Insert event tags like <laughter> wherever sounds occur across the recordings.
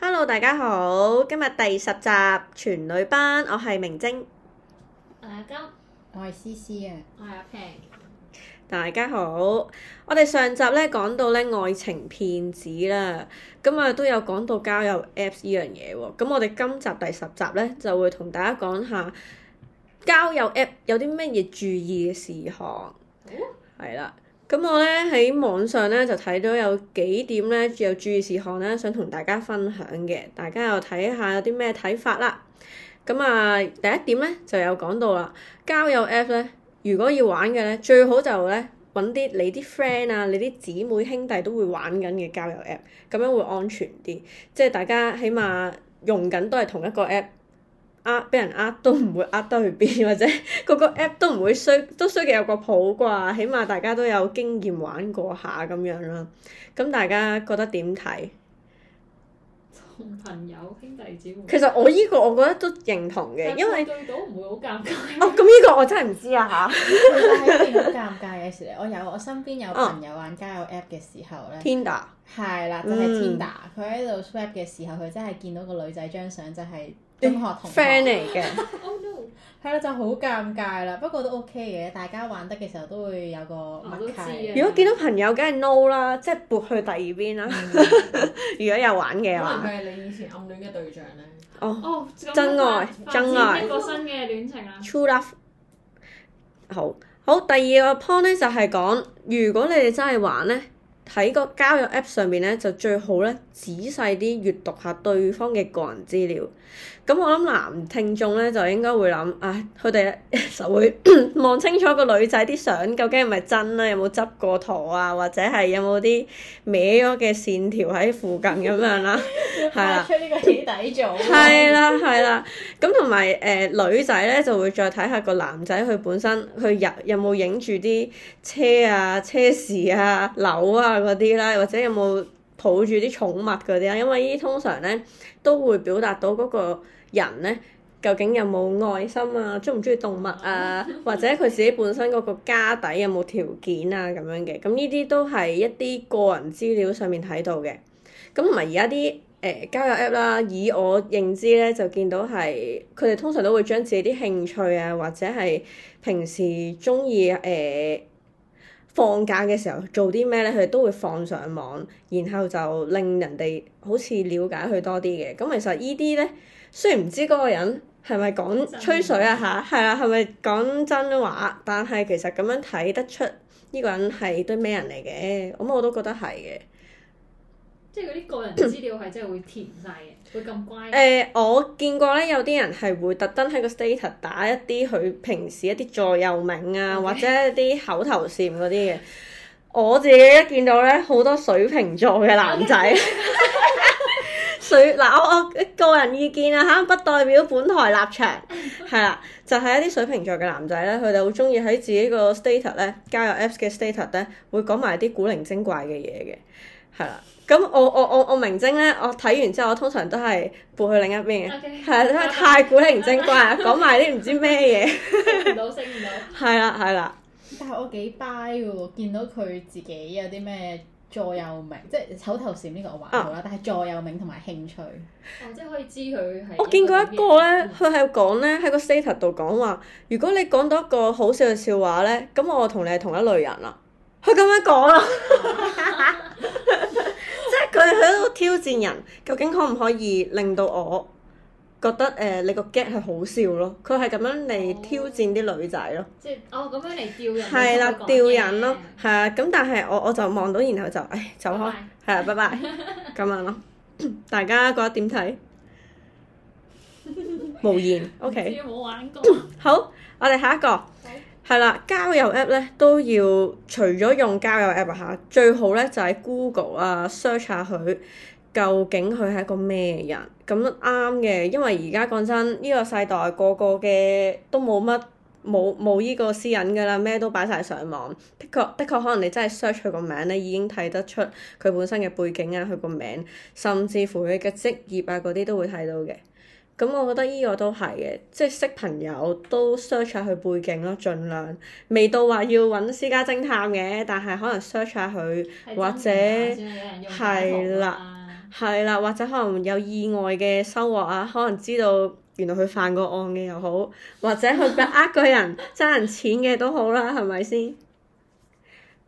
Hello，大家好，今日第十集全女班，我係明晶。我係阿金，我係思思啊，我係阿平。大家好，我哋上集咧講到咧愛情騙子啦，咁啊都有講到交友 apps 呢樣嘢喎。咁我哋今集第十集咧就會同大家講下。交友 app 有啲乜嘢注意嘅事項？係啦、嗯，咁我咧喺網上咧就睇到有幾點咧有注意事項咧，想同大家分享嘅，大家又睇下有啲咩睇法啦。咁啊，第一點咧就有講到啦，交友 app 咧如果要玩嘅咧，最好就咧揾啲你啲 friend 啊、你啲姊妹兄弟都會玩緊嘅交友 app，咁樣會安全啲，即係大家起碼用緊都係同一個 app。呃，俾人呃都唔會呃得去邊，或者個個 app 都唔會衰都衰嘅有個譜啩，起碼大家都有經驗玩過下咁樣啦。咁大家覺得點睇？同朋友兄弟姐妹其實我依個我覺得都認同嘅，因為對到唔會好尷尬。哦，咁依個我真係唔知啊嚇。其實係一件好尷尬嘅事嚟。我有，我身邊有朋友玩交友 app 嘅時候咧，Tinder 係啦，就係 Tinder，佢喺度 swipe 嘅時候，佢真係見到個女仔張相就係。中學同學嚟嘅，係啦就好尷尬啦，不過都 OK 嘅，大家玩得嘅時候都會有個默契。如果見到朋友，梗係 no 啦，即係撥去第二邊啦。如果有玩嘅話，係咪佢係你以前暗戀嘅對象咧？哦哦，真愛真愛。新嘅戀情啊！True love。好，好，第二個 point 咧就係講，如果你哋真係玩咧，喺個交友 app 上面咧就最好咧。仔細啲閱讀下對方嘅個人資料，咁我諗男聽眾咧就應該會諗，啊佢哋就會望 <coughs> 清楚個女仔啲相究竟係咪真啦，有冇執過圖啊，或者係有冇啲歪咗嘅線條喺附近咁樣啦，係啦，出個、啊啊啊啊呃、呢個起底組，係啦係啦，咁同埋誒女仔咧就會再睇下個男仔佢本身佢入有冇影住啲車啊、車匙啊、樓啊嗰啲啦，或者有冇抱住啲寵物嗰啲啊，因為呢啲通常咧都會表達到嗰個人咧究竟有冇愛心啊，中唔中意動物啊，或者佢自己本身嗰個家底有冇條件啊咁樣嘅，咁呢啲都係一啲個人資料上面睇到嘅。咁同埋而家啲誒交友 app 啦，以我認知咧就見到係佢哋通常都會將自己啲興趣啊，或者係平時中意誒，呃放假嘅時候做啲咩咧，佢都會放上網，然後就令人哋好似了解佢多啲嘅。咁、嗯、其實依啲咧，雖然唔知嗰個人係咪講話吹水啊嚇，係啦，係咪、啊、講真話？但係其實咁樣睇得出呢、呢個人係對咩人嚟嘅，咁、嗯、我都覺得係嘅。即係嗰啲個人資料係真係會填晒嘅，會咁乖。誒、呃，我見過咧，有啲人係會特登喺個 Status 打一啲佢平時一啲座右銘啊，Okay. 或者一啲口頭禪嗰啲嘅。我自己一見到咧，好多水瓶座嘅男仔，Okay. <laughs> <laughs> 水嗱我、呃、我個人意見啊嚇，不代表本台立場，係啦， <laughs> 就係、是、一啲水瓶座嘅男仔咧，佢哋好中意喺自己個 Status 咧，加入 Apps 嘅 Status 咧，會講埋啲古靈精怪嘅嘢嘅。係啦，咁我我我我明晶咧，我睇完之後，我通常都係撥去另一邊嘅，係啊 Okay,，因為太古靈精怪，講埋啲唔知咩嘢，唔到識唔到，係啦係啦。但係我幾 buy 嘅喎，見到佢自己有啲咩座右銘，即係口頭禪呢個我玩到啦，啊、但係座右銘同埋興趣，啊、即係可以知佢係。我見過一個咧，佢係講咧喺個 status 度講話，如果你講到一個好笑嘅笑話咧，咁我同你係同一類人啦。佢咁樣講咯，即係佢喺度挑戰人，究竟可唔可以令到我覺得誒、呃、你個 get 係好笑咯？佢係咁樣嚟挑戰啲女仔咯，哦、即係哦咁樣嚟吊人，係啦吊人咯，係啊咁，但係我我就望到，然後就誒、哎、走開，係 Bye bye. 啊，拜拜，咁樣咯， <coughs> 大家覺得點睇？ <laughs> 無言，OK，有有 <coughs> 好，我哋下一個。Okay. 係啦，交友 app 咧都要除咗用交友 app 吓，最好咧就喺 Google 啊 search 下佢究竟佢係一個咩人。咁啱嘅，因為而家講真，呢個世代個個嘅都冇乜冇冇呢個私隱㗎啦，咩都擺晒上網。的確的確，可能你真係 search 佢個名咧，已經睇得出佢本身嘅背景啊，佢個名，甚至乎佢嘅職業啊嗰啲都會睇到嘅。咁、嗯、我覺得呢個都係嘅，即係識朋友都 search 下佢背景咯，盡量未到話要揾私家偵探嘅，但係可能 search 下佢或者係啦，係啦、啊，或者可能有意外嘅收穫啊，可能知道原來佢犯過案嘅又好，或者佢被呃個人爭 <laughs> 人錢嘅都好啦、啊，係咪先？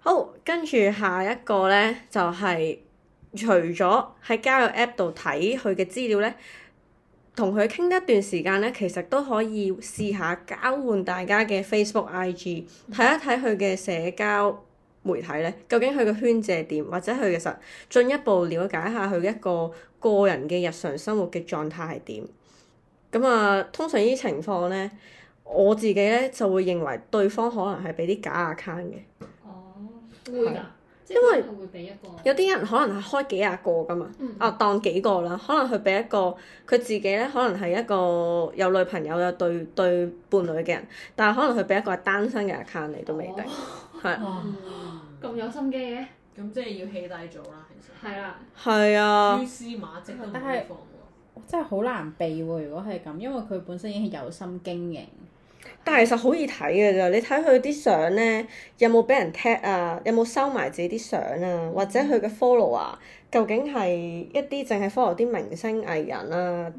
好，跟住下一個咧，就係、是、除咗喺交友 App 度睇佢嘅資料咧。同佢傾一段時間咧，其實都可以試下交換大家嘅 Facebook、IG，睇一睇佢嘅社交媒體咧，究竟佢嘅圈子係點，或者佢其實進一步了解下佢一個個人嘅日常生活嘅狀態係點。咁啊，通常呢啲情況咧，我自己咧就會認為對方可能係俾啲假 account 嘅。哦，係會㗎。因為有啲人可能係開幾廿個㗎嘛，嗯、啊當幾個啦，可能佢俾一個佢自己咧，可能係一個有女朋友有對對伴侶嘅人，但係可能佢俾一個係單身嘅 account 嚟都未定，係。咁有心機嘅，咁即係要起底咗啦，其實。係啦。係啊。蛛絲、啊、馬跡都冇得放喎。但係真係好難避喎！如果係咁，因為佢本身已經係有心經營。但係其實好易睇嘅咋。你睇佢啲相咧，有冇俾人 tag 啊？有冇收埋自己啲相啊？或者佢嘅 follow 啊，究竟係一啲淨係 follow 啲明星藝人啊，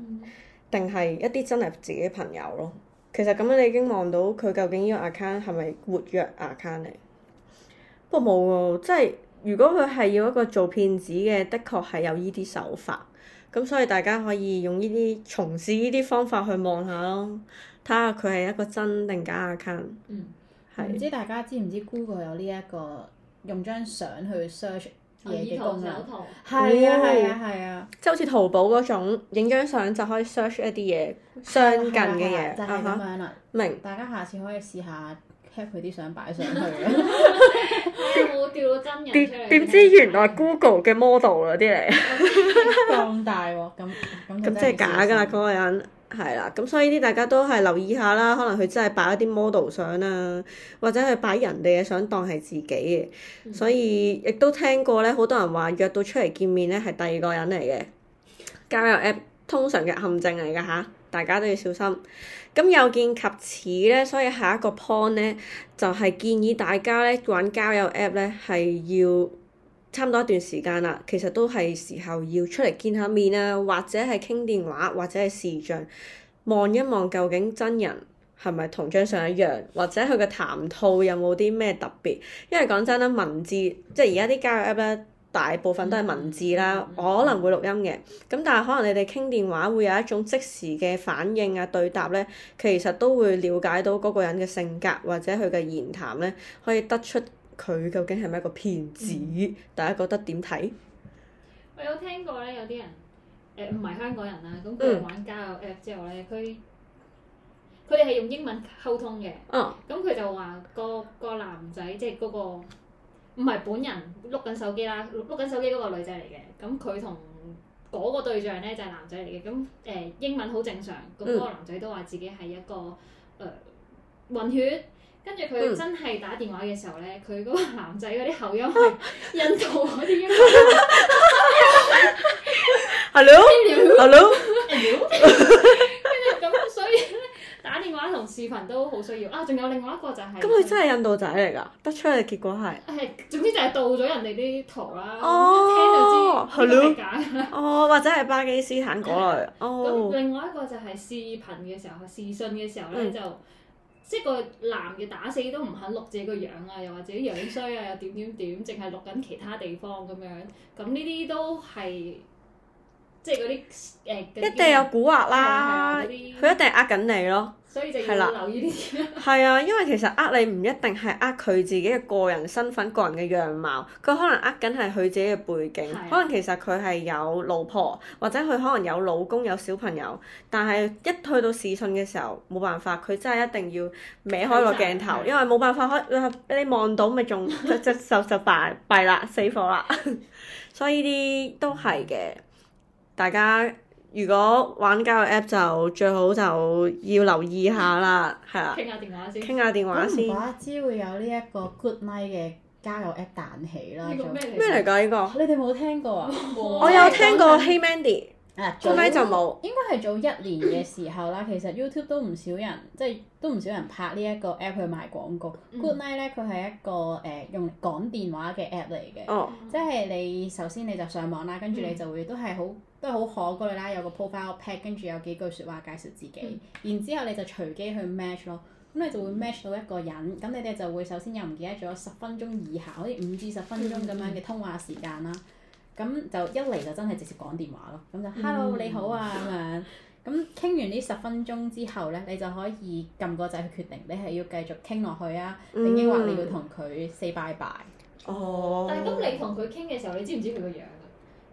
定係一啲真係自己朋友咯？其實咁樣你已經望到佢究竟呢個 account 係咪活躍 account 嚟？不過冇喎，即係如果佢係要一個做騙子嘅，的確係有呢啲手法。咁所以大家可以用呢啲從事呢啲方法去望下咯。睇下佢係一個真定假 account。係。唔知大家知唔知 Google 有呢一個用張相去 search 嘢嘅功能？係啊係啊係啊！即係好似淘寶嗰種，影張相就可以 search 一啲嘢相近嘅嘢啊！明。大家下次可以試下 keep 佢啲相擺上去。點點知原來 Google 嘅 model 嗰啲嚟？咁大喎，咁咁。咁真係假㗎啦，嗰個人。係啦，咁所以啲大家都係留意下啦，可能佢真係擺一啲 model 相啦，啊，或者佢擺人哋嘅相當係自己嘅，所以亦都聽過咧，好多人話約到出嚟見面咧係第二個人嚟嘅。交友 app 通常嘅陷阱嚟㗎吓，大家都要小心。咁又見及此咧，所以下一個 point 咧就係、係，建議大家咧玩交友 app 咧係要。差唔多一段時間啦，其實都係時候要出嚟見下面啊，或者係傾電話，或者係視像望一望，究竟真人係咪同張相一樣，或者佢嘅談吐有冇啲咩特別？因為講真啦，文字即係而家啲交友 App 咧，大部分都係文字啦，我可能會錄音嘅。咁但係可能你哋傾電話會有一種即時嘅反應啊、對答咧，其實都會了解到嗰個人嘅性格，或者佢嘅言談咧，可以得出。佢究竟係咪一個騙子？嗯、大家覺得點睇？我有聽過咧，有啲人誒唔係香港人啦，咁、那、佢、個、玩交友 app 之後咧，佢佢哋係用英文溝通嘅。嗯、哦。咁佢就話個個男仔即係嗰個唔係本人碌緊手機啦，碌碌緊手機嗰個女仔嚟嘅。咁佢同嗰個對象咧就係、是、男仔嚟嘅。咁誒、呃、英文好正常。咁、那、嗰個男仔都話自己係一個誒混、嗯呃、血。跟住佢真係打電話嘅時候咧，佢嗰個男仔嗰啲口音係印度嗰啲音。Hello，Hello，Hello。跟住咁，所以咧，打電話同視頻都好需要。啊，仲有另外一個就係。咁佢真係印度仔嚟㗎，得出嚟結果係。係，總之就係盜咗人哋啲圖啦，一聽就知係假㗎啦。哦，或者係巴基斯坦過來。哦。另外一個就係視頻嘅時候，視訊嘅時候咧就。即個男嘅打死都唔肯錄自己個樣啊，又或者樣衰啊，又點點點，淨係錄緊其他地方咁樣，咁呢啲都係即係嗰啲誒，呃、一定有古惑啦，佢、啊、一定係呃緊你咯。所以係啦的，係啊， <laughs> 因為其實呃你唔一定係呃佢自己嘅個人身份、個人嘅樣貌，佢可能呃緊係佢自己嘅背景，的可能其實佢係有老婆，或者佢可能有老公、有小朋友，但係一去到視訊嘅時候，冇辦法，佢真係一定要歪開個鏡頭，因為冇辦法開，你望到咪仲即即就就敗敗啦，死火啦， <laughs> 所以呢啲都係嘅，大家。如果玩交友 app 就最好就要留意下啦，係啦。傾下電話先。傾下電話先。我知會有呢一個 Good Night 嘅交友 app 彈起啦。咩嚟㗎？呢個？你哋冇聽過啊？我有聽過 Hey Mandy。Good Night 就冇。應該係早一年嘅時候啦，其實 YouTube 都唔少人，即係都唔少人拍呢一個 app 去賣廣告。Good Night 咧，佢係一個誒用嚟講電話嘅 app 嚟嘅，即係你首先你就上網啦，跟住你就會都係好。都係好可嗰啦，有個 profile pad 跟住有幾句説話介紹自己，然之後你就隨機去 match 咯，咁你就會 match 到一個人，咁你哋就會首先又唔記得咗十分鐘以下，好似五至十分鐘咁樣嘅通話時間啦，咁就一嚟就真係直接講電話咯，咁就 hello 你好啊咁樣，咁傾 <laughs> 完呢十分鐘之後咧，你就可以撳個掣去決定，你係要繼續傾落去啊，定抑、嗯、或你要同佢 say bye bye。哦。但係咁你同佢傾嘅時候，你知唔知佢個樣？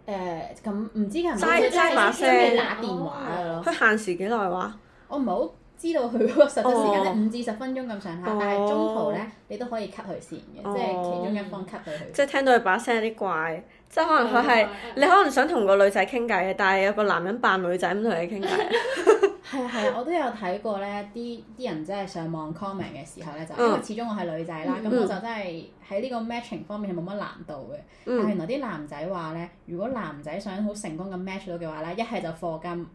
誒咁唔知佢係咪真係打電話咯？佢、哦、限時幾耐話？我唔係好知道佢實質時間咧，五至十分鐘咁上下。哦、但係中途咧，你都可以 cut 佢線嘅，哦、即係其中一方 cut 佢、嗯。即係聽到佢把聲有啲怪，即係可能佢係、嗯、你可能想同個女仔傾偈啊，但係有個男人扮女仔咁同你傾偈。 <laughs> 係啊係啊，我都有睇過咧，啲啲人真係上網 comment 嘅時候咧，就因為始終我係女仔啦，咁、嗯、我就真係喺呢個 matching 方面係冇乜難度嘅。嗯、但係原來啲男仔話咧，如果男仔想好成功咁 match 到嘅話咧，一係就課金，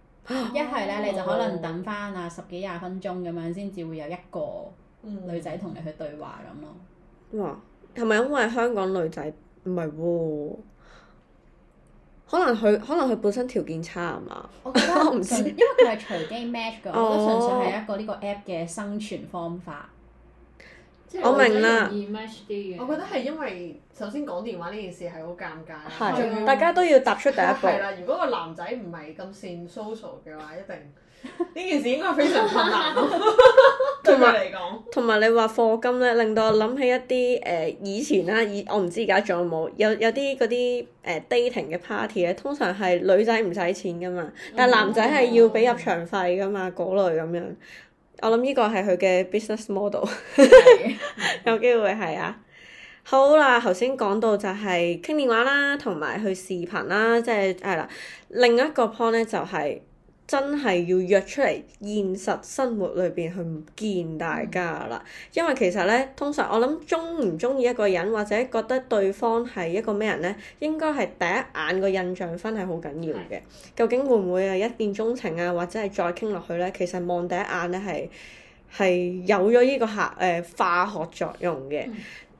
一係咧你就可能等翻啊十幾廿分鐘咁樣，先至會有一個女仔同你去對話咁咯。嗯、哇！係咪因為香港女仔唔係喎？可能佢可能佢本身條件差啊嘛，我覺得 <laughs> 我唔知，因為佢係隨機 match 嘅，oh. 我都純粹係一個呢個 app 嘅生存方法。我明啦，我覺得係因為首先講電話呢件事係好尷尬，的有大家都要踏出第一步。啦，如果個男仔唔係咁善 social 嘅話，一定呢 <laughs> 件事應該係非常困難咯。 <laughs> <laughs> 同埋，同埋你話課金咧，令到我諗起一啲誒、呃、以前啦、啊，以我唔知而家仲有冇有有啲嗰啲誒 dating 嘅 party 咧，通常係女仔唔使錢噶嘛，但係男仔係要俾入場費噶嘛，嗰、哦、類咁樣。哦、我諗呢個係佢嘅 business model，的 <laughs> 有機會係啊。的好啦，頭先講到就係傾電話啦，同埋去視頻啦，即係係啦。另一個 point 咧就係、是。真係要約出嚟，現實生活裏邊去見大家啦。因為其實咧，通常我諗鍾唔鍾意一個人，或者覺得對方係一個咩人咧，應該係第一眼個印象分係好緊要嘅。究竟會唔會係一見鍾情啊？或者係再傾落去咧？其實望第一眼咧係係有咗呢個化誒化學作用嘅。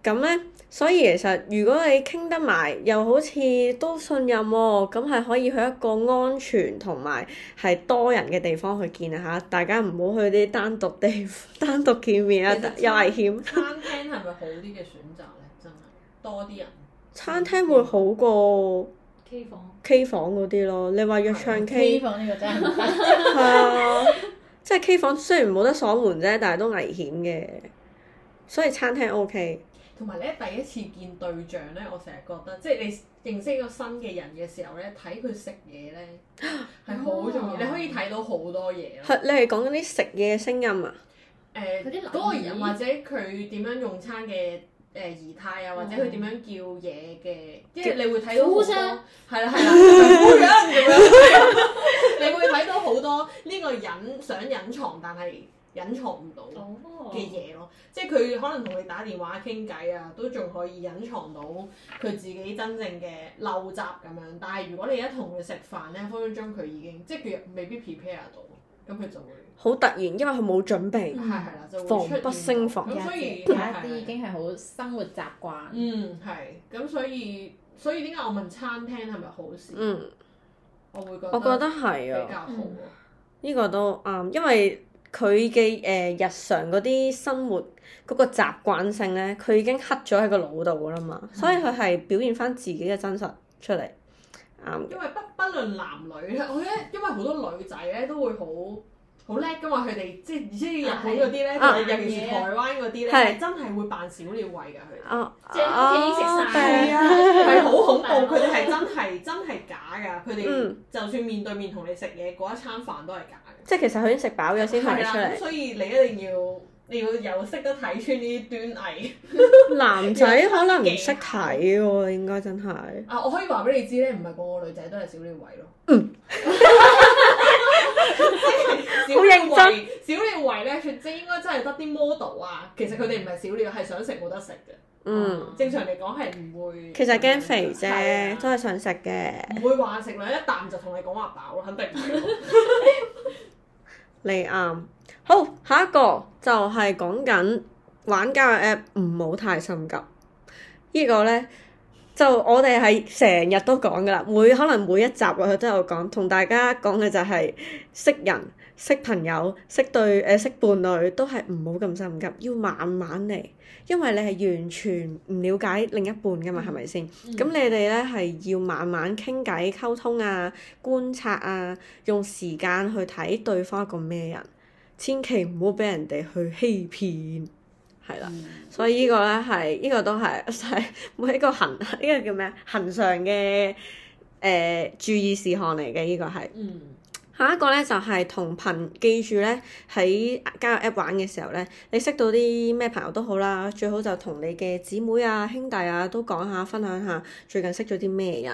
咁咧、嗯。所以其實如果你傾得埋，又好似都信任喎、哦，咁係可以去一個安全同埋係多人嘅地方去見下。大家唔好去啲單獨地單獨見面啊，又危險。餐廳係咪好啲嘅選擇呢？真係多啲人。餐廳會好過 K 房。K 房嗰啲咯，你話約唱 K, K 房呢個真係係 <laughs> <laughs> 啊，即係 K 房雖然冇得鎖門啫，但係都危險嘅。所以餐廳 OK。同埋咧，第一次見對象咧，我成日覺得，即係你認識一個新嘅人嘅時候咧，睇佢食嘢咧係好重要，你可以睇到好多嘢。係，你係講緊啲食嘢嘅聲音啊？啲嗰個，或者佢點樣用餐嘅誒儀態啊，或者佢點樣叫嘢嘅，即係你會睇到好多。係啦係啦，你會睇到好多呢個人想隱藏，但係，隱藏唔到嘅嘢咯，即係佢可能同你打電話傾偈啊，都仲可以隱藏到佢自己真正嘅陋習咁樣。但係如果你一同佢食飯咧，分分鐘佢已經即係佢未必 prepare 到，咁佢就會好突然，因為佢冇準備，係係啦，就會出防不勝防。咁所以睇下啲已經係好生活習慣。嗯，係。咁所以所以點解我問餐廳係咪好事？嗯，我會覺我覺得係啊，比較好，呢、嗯嗯呢個都啱，因為，佢嘅誒日常嗰啲生活嗰、嗰個習慣性咧，佢已經刻咗喺個腦度噶啦嘛，所以佢係表現翻自己嘅真實出嚟。啱、嗯。因為不不論男女咧，我覺得因為好多女仔咧都會好好叻噶嘛，佢哋即係即係日本嗰啲咧，尤其、啊、是台灣嗰啲咧，啊、真係會扮小鳥胃噶佢哋，即啲嘢食曬，係啊，係好、哦、恐怖，佢哋係真係真係假噶，佢哋就算面對面同你食嘢，嗰一餐飯都係假。即係其實佢已經食飽咗先睇出嚟，啊、所以你一定要你要有識得睇穿呢啲端倪。 <laughs> 男仔可能唔識睇喎，應該真係。啊，我可以話俾你知咧，唔係個個女仔都係小鳥胃咯。嗯，好 <laughs> <laughs> 鯉認真小鳥胃咧，血真應該真係得啲 model 啊。其實佢哋唔係小鳥，係想食冇得食嘅。嗯，正常嚟講係唔會。其實驚肥啫，真係呀想食嘅。唔會話食兩一啖就同你講話飽咯，肯定唔會。 <laughs> 你啱、啊、好，下一個就係講緊玩交友 app 唔好太心急。這個、呢個咧就我哋係成日都講噶啦，每可能每一集我都有講，同大家講嘅就係識人。識朋友、識對誒、識伴侶都係唔好咁心急，要慢慢嚟，因為你係完全唔了解另一半㗎嘛，係咪先？咁、嗯、你哋咧係要慢慢傾偈、溝通啊、觀察啊，用時間去睇對方一個咩人，千祈唔好俾人哋去欺騙，係啦。嗯、所以個呢個咧係呢個都係係每一個恆呢個叫咩恒常嘅誒注意事項嚟嘅，依、呢個係。嗯下一個咧就係、是、同朋記住咧喺加入 App 玩嘅時候咧，你識到啲咩朋友都好啦，最好就同你嘅姊妹啊、兄弟啊都講下、分享下最近識咗啲咩人。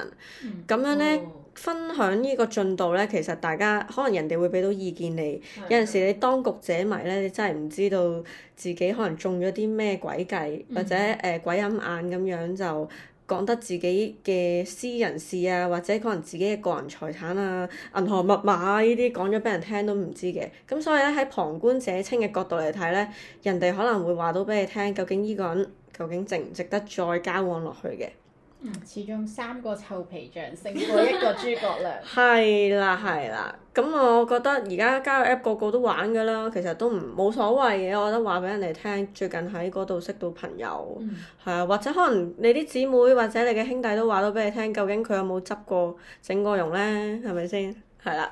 咁、嗯、樣咧，哦、分享呢個進度咧，其實大家可能人哋會俾到意見你。的有陣時你當局者迷咧，你真係唔知道自己可能中咗啲咩鬼計，嗯、或者誒、呃、鬼陰眼眼咁樣就。講得自己嘅私人事啊，或者可能自己嘅個人財產啊、銀行密碼啊呢啲講咗俾人聽都唔知嘅，咁所以咧喺旁觀者清嘅角度嚟睇咧，人哋可能會話到俾你聽，究竟呢個人究竟值唔值得再交往落去嘅。始終三個臭皮匠勝過一個諸葛亮。係啦係啦，咁我覺得而家交友 app 個個都玩噶啦，其實都唔冇所謂嘅。我覺得話俾人哋聽，最近喺嗰度識到朋友，係啊、嗯，或者可能你啲姊妹或者你嘅兄弟都話到俾你聽，究竟佢有冇執過整過容咧？係咪先？係啦，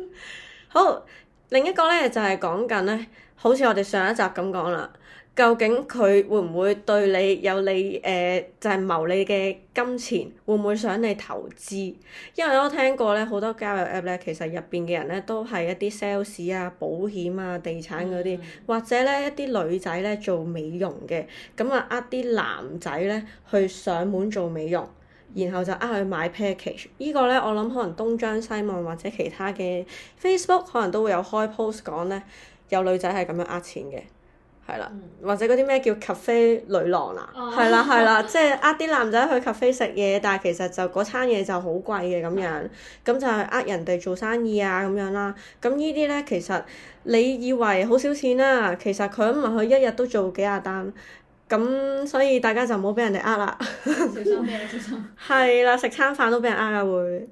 <laughs> 好，另一個咧就係講緊咧，好似我哋上一集咁講啦。究竟佢會唔會對你有利，誒、呃、就係牟你嘅金錢，會唔會想你投資？因為我都聽過咧，好多交友 App 咧，其實入邊嘅人咧都係一啲 sales 啊、保險啊、地產嗰啲，嗯、或者咧一啲女仔咧做美容嘅，咁啊呃啲男仔咧去上門做美容，嗯、然後就呃佢買 package。呢、嗯、個咧我諗可能東張西望或者其他嘅 Facebook 可能都會有開 post 講咧，有女仔係咁樣呃錢嘅。係啦，或者嗰啲咩叫 cafe 女郎啦，係啦係啦，啊啊、即係呃啲男仔去 cafe 食嘢，但係其實就嗰餐嘢就好貴嘅咁樣，咁、啊、就係呃人哋做生意啊咁樣啦。咁呢啲咧其實你以為好少錢啦、啊，其實佢唔係佢一日都做幾廿單，咁所以大家就唔好俾人哋呃啦。小心咩？小心。係啦，食餐飯，欸欸欸啊這個、飯都俾人呃啊會。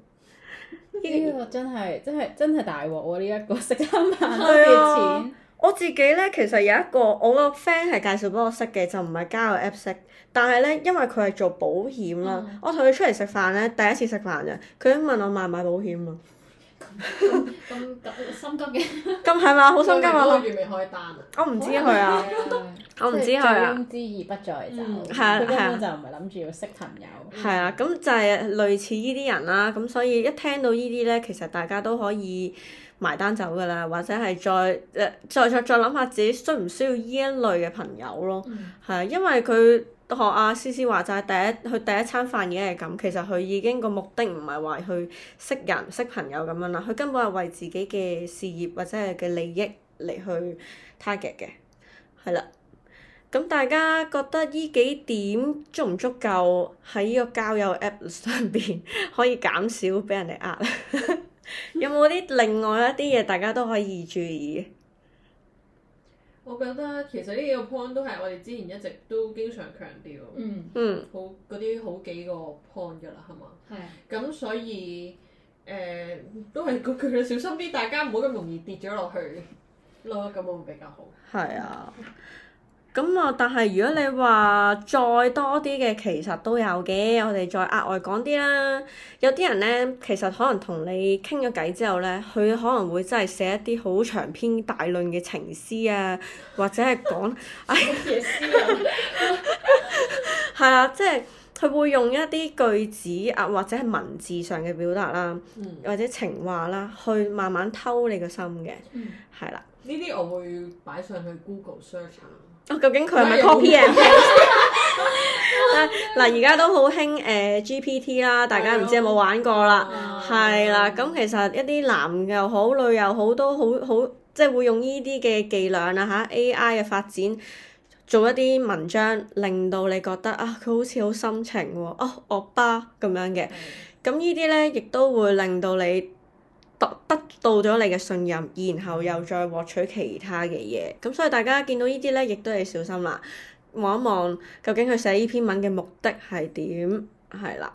呢個真係真係真係大鑊喎！呢一個食餐飯都騙錢。我自己咧，其實有一個我個 friend 係介紹俾我識嘅，就唔係加個 app 識。但係咧，因為佢係做保險啦，嗯、我同佢出嚟食飯咧，第一次食飯咋，佢問我買唔買保險啊？咁 <laughs> 急心急嘅，咁係嘛？好心急啊！諗住未開單啊。我唔知佢啊，我唔知佢啊。之而不在走，係啊係啊，就唔係諗住要識朋友。係啊，咁、啊嗯啊、就係類似呢啲人啦、啊。咁所以一聽到呢啲咧，其實大家都可以埋單走噶啦，或者係再誒、呃、再再再諗下自己需唔需要呢一類嘅朋友咯。係、嗯啊、因為佢。學阿思思話就係第一，佢第一餐飯已經係咁。其實佢已經個目的唔係話去識人、識朋友咁樣啦。佢根本係為自己嘅事業或者係嘅利益嚟去 target 嘅，係啦。咁大家覺得呢幾點足唔足夠喺呢個交友 app 上邊可以減少俾人哋呃？ <laughs> 有冇啲另外一啲嘢大家都可以注意？我覺得其實呢幾個 point 都係我哋之前一直都經常強調，嗯嗯，好嗰啲好幾個 point 㗎啦，係嘛？係、啊。咁所以誒、呃，都係嗰句啦，小心啲，大家唔好咁容易跌咗落去咯，咁會比較好。係啊。 <laughs> 咁啊、嗯！但係如果你話再多啲嘅，其實都有嘅。我哋再額外講啲啦。有啲人咧，其實可能同你傾咗偈之後咧，佢可能會真係寫一啲好長篇大論嘅情詩啊，或者係講哎嘢詩啊，係啦，即係佢會用一啲句子啊，或者係文字上嘅表達啦、啊，嗯、或者情話啦、啊，去慢慢偷你個心嘅，係 <laughs> 啦、嗯。呢啲的我會擺上去 Google search。啊、究竟佢係咪 copy 人、 <laughs> <laughs> 啊？嗱，而、呃、家都好興誒，GPT 啦，大家唔知有冇玩過啦，係、哎、呦啦。咁其實一啲男又好，女又好，都好好，即係會用呢啲嘅伎倆啦吓，AI 嘅發展做一啲文章，令到你覺得啊，佢好似好深情喎，哦，惡霸咁樣嘅。咁、哎、呢啲咧，亦都會令到你。得到咗你嘅信任，然後又再獲取其他嘅嘢，咁所以大家見到呢啲咧，亦都要小心啦。望一望究竟佢寫呢篇文嘅目的係點，係啦。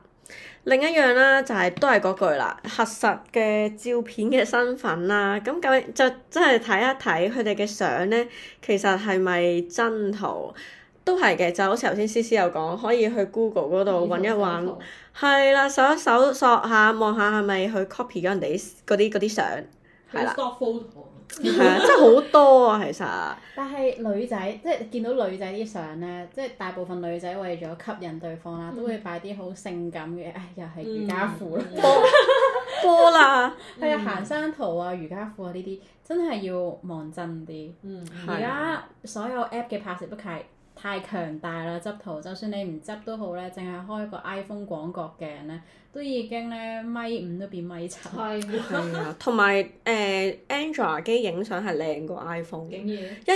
另一樣啦、啊，就係、是、都係嗰句啦，核實嘅照片嘅身份啦、啊。咁究竟，就真係睇一睇佢哋嘅相咧，其實係咪真圖？都係嘅，就好似頭先思思有講，可以去 Google 嗰度揾一揾，係啦，搜一搜索一下，望下係咪去 copy 咗人哋嗰啲啲相，係啦，即係好多啊，其實。但係女仔，即係見到女仔啲相咧，即係大部分女仔為咗吸引對方啦，都會擺啲好性感嘅，唉、哎，又係瑜伽褲啦，波啦，係啊，行山圖啊，瑜伽褲啊呢啲，真係要望真啲。嗯。而家所有 app 嘅拍攝都係。太強大啦！執圖就算你唔執都好咧，淨係開個 iPhone 廣角鏡咧，都已經咧米五都變米七啦。同埋誒 Android 機影相係靚過 iPhone。一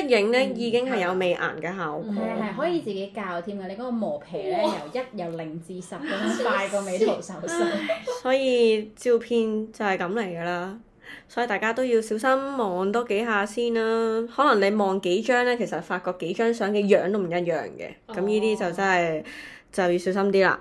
影咧、嗯、已經係有美顏嘅效果。係、嗯、可以自己校添㗎，你嗰個磨皮咧哇由一由零至十咁樣哇快過美圖手勢。 <laughs> <laughs> 所以照片就係咁嚟㗎啦。所以大家都要小心望多幾下先啦。可能你望幾張咧，其實發覺幾張相嘅樣都唔一樣嘅。咁呢啲就真係就要小心啲啦。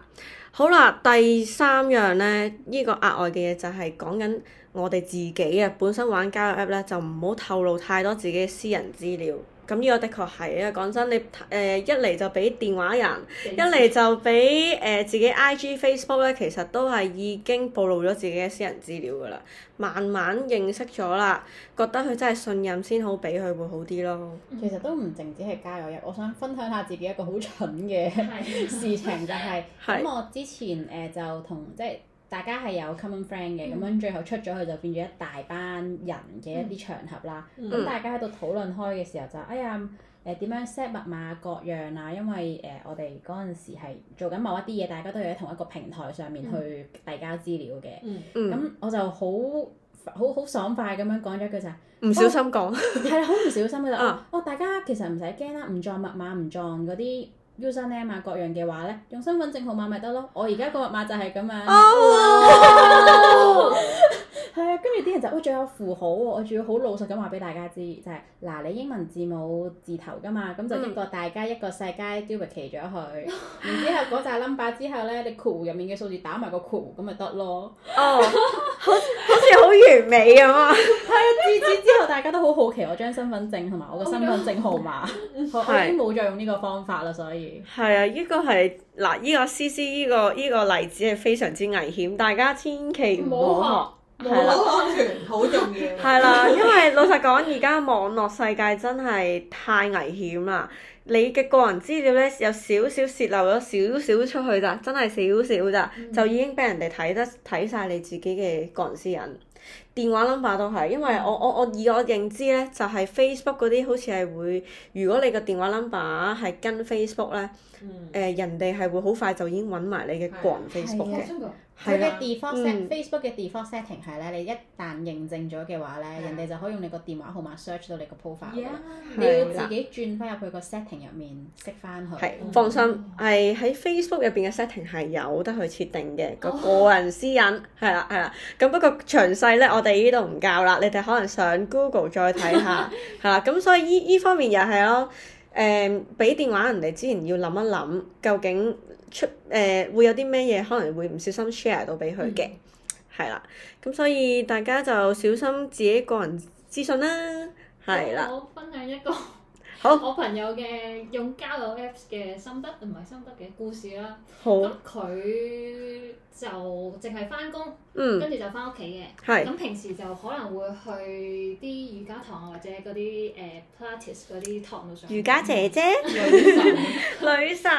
好啦，第三樣咧，呢個額外嘅嘢就係講緊我哋自己啊，本身玩交友 App 咧，就唔好透露太多自己嘅私人資料。咁呢個的確係啊！講真，你誒、呃、一嚟就俾電話人，話一嚟就俾誒、呃、自己 IG、Facebook 咧，其實都係已經暴露咗自己嘅私人資料㗎啦。慢慢認識咗啦，覺得佢真係信任先好，俾佢會好啲咯。嗯、其實都唔淨止係交友，日，我想分享下自己一個好蠢嘅事情、就係，就係咁。我之前誒、呃、就同即係。大家係有 common friend 嘅，咁樣、嗯、最後出咗去就變咗一大班人嘅一啲場合啦。咁、嗯、大家喺度討論開嘅時候就，哎呀，誒、呃、點、呃、樣 set 密碼各樣啊？因為誒、呃、我哋嗰陣時係做緊某一啲嘢，大家都要喺同一個平台上面去遞交資料嘅。咁、嗯、我就好好好爽快咁樣講咗一句就是，唔小心講哇，係啦， <laughs> 好唔小心噶就、啊、哦，大家其實唔使驚啦，唔撞密碼，唔撞嗰啲。U3 呢啊，ane, 各樣嘅話咧，用身份證號碼咪得咯，我而家個密碼就係咁樣。Oh! Wow! <laughs> 係啊，跟住啲人就，哇、哎，仲有符號喎！我仲要好老實咁話俾大家知，就係、是、嗱，你英文字母字頭噶嘛，咁就一個大家、嗯、一個世界標誌騎咗佢。然之後嗰扎 number 之後咧， <laughs> 你括弧入面嘅數字打埋個括弧咁咪得咯。哦， <laughs> 好好似好完美啊嘛！係啊， <laughs> 自此之後大家都好好奇我張身份證同埋我嘅身份證號碼，我已經冇再用呢個方法啦，所以係啊，呢、這個係嗱，呢、這個 C C 呢個依、這個這個例子係非常之危險，大家千祈唔好學。網絡安全好 <laughs> 重要，係啦， <laughs> 因為老實講，而家網絡世界真係太危險啦。你嘅個人資料咧，有少少洩漏咗少少出去咋，真係少少咋，嗯、就已經俾人哋睇得睇曬你自己嘅個人私隱。電話 number 都係，因為我我我以我認知咧，就係 Facebook 啲好似係會，如果你個電話 number 係跟 Facebook 咧，誒，人哋係會好快就已經揾埋你嘅個人 Facebook 嘅。係咧 Facebook 嘅 default setting 係咧，你一旦認證咗嘅話咧，人哋就可以用你個電話號碼 search 到你個 profile。你要自己轉翻入去個 setting 入面，熄翻佢。放心，係喺 Facebook 入邊嘅 setting 係有得去設定嘅，個個人私隱，係啦係啦。咁不過詳細咧，我哋。呢度唔教啦，你哋可能上 Google 再睇下，係啦， <laughs> 咁所以呢啲方面又係咯，誒、呃、俾電話人哋之前要諗一諗，究竟出誒、呃、會有啲咩嘢可能會唔小心 share 到俾佢嘅，係啦、嗯，咁所以大家就小心自己個人資訊啦，係啦。我分享一個。的 <laughs> Oh. 我朋友嘅用交友 Apps 嘅心得，唔係心得嘅故事啦。咁佢、oh. 嗯、就淨係返工，跟住就返屋企嘅。咁、mm. 嗯、平時就可能會去啲瑜伽堂啊，或者嗰啲誒 Pilates 嗰啲堂度上。瑜伽姐姐女神 <laughs> 女神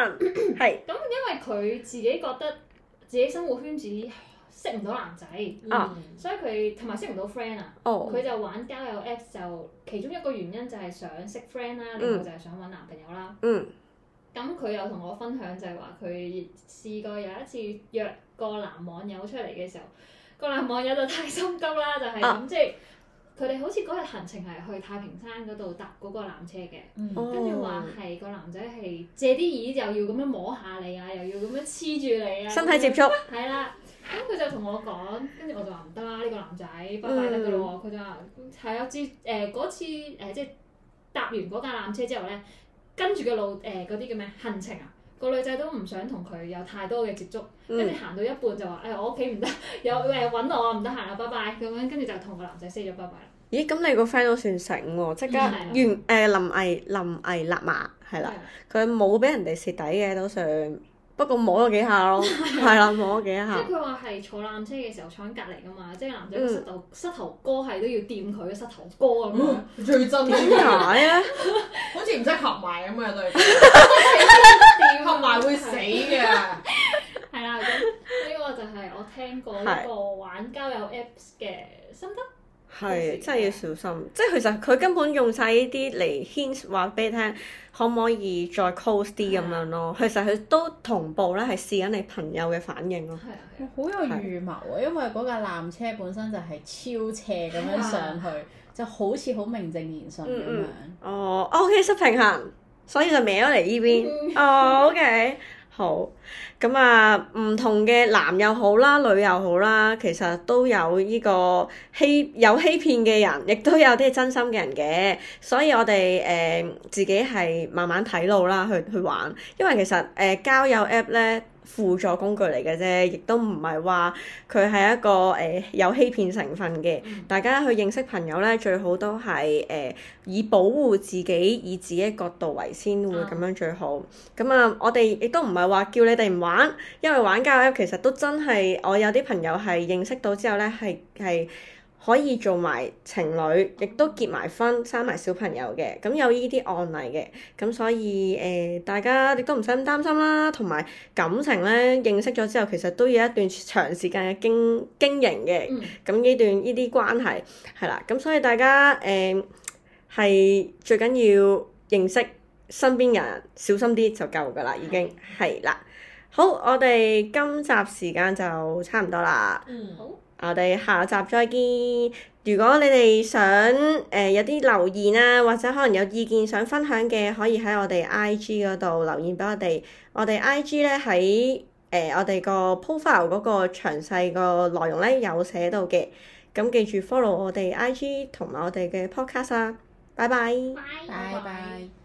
係。咁、 <laughs> <laughs> 嗯、因為佢自己覺得自己生活圈子。識唔到男仔，啊、所以佢同埋識唔到 friend 啊，佢、哦、就玩交友 apps，就其中一個原因就係想識 friend 啦，另外就係想搵男朋友啦。咁佢、嗯、又同我分享就係話佢試過有一次約個男網友出嚟嘅時候，個男網友就太心急啦，就係咁即係佢哋好似嗰日行程係去太平山嗰度搭嗰個纜車嘅，跟住話係個男仔係、嗯哦、借啲意又要咁樣摸下你啊，又要咁樣黐住你啊，身體接觸係啦。咁佢就同我講，跟住我，我就話唔得啦，呢、這個男仔，拜拜得噶咯喎。佢就話係啊，自誒嗰次誒即係搭完嗰架纜車之後咧，跟住個路誒嗰啲叫咩行程啊？個女仔都唔想同佢有太多嘅接觸，跟住行到一半就話：誒我屋企唔得，有誒揾我唔得閒啦，拜拜。咁樣跟住就同個男仔 say 咗拜拜啦。咦？咁、嗯、你個 friend 都算醒喎，即刻完誒林毅林毅立馬係啦，佢冇俾人哋蝕底嘅，都算。 <music> 不過摸咗幾下咯，係啦，摸咗幾下。即係佢話係坐纜車嘅時候坐隔離㗎嘛，即係男仔個膝頭膝頭哥係都要掂佢嘅膝頭哥，咁最真嘅。點解啊？ <laughs> 好似唔識合埋咁啊都。點、 <laughs> 喔、Dam <laughs> 合埋會死嘅。係啦，咁呢個就係我聽過一個玩交友 Apps 嘅心得。係，是真係要小心。即係其實佢根本用晒呢啲嚟 hints 話俾你聽，可唔可以再 close 啲咁樣咯？啊、其實佢都同步咧，係試緊你朋友嘅反應咯。係啊，好有預謀啊！因為嗰架纜車本身就係超斜咁樣上去，啊、就好似好名正言順咁樣。嗯嗯。哦，OK，失平衡，所以就歪咗嚟呢邊。嗯、哦，OK。好，咁啊，唔同嘅男又好啦，女又好啦，其實都有呢個欺有欺騙嘅人，亦都有啲真心嘅人嘅，所以我哋誒、呃、自己係慢慢睇路啦，去去玩，因為其實誒、呃、交友 app 咧，輔助工具嚟嘅啫，亦都唔係話佢係一個誒、呃、有欺騙成分嘅。嗯、大家去認識朋友咧，最好都係誒、呃、以保護自己以自己嘅角度為先，會咁樣最好。咁啊、嗯，我哋亦都唔係話叫你哋唔玩，因為玩家咧其實都真係，我有啲朋友係認識到之後咧，係係。可以做埋情侶，亦都結埋婚、生埋小朋友嘅，咁有呢啲案例嘅，咁所以誒、呃，大家亦都唔使咁擔心啦。同埋感情咧，認識咗之後，其實都要一段長時間嘅經經營嘅，咁呢段呢啲關係係啦，咁所以大家誒係、呃、最緊要認識身邊人，小心啲就夠噶啦，已經係啦。好，我哋今集時間就差唔多啦。嗯，好。我哋下集再見。如果你哋想誒、呃、有啲留言啊，或者可能有意見想分享嘅，可以喺我哋 IG 嗰度留言俾我哋。我哋 IG 咧喺誒我哋個 profile 嗰個詳細個內容咧有寫到嘅。咁記住 follow 我哋 IG 同埋我哋嘅 podcast 啊！拜拜，拜拜。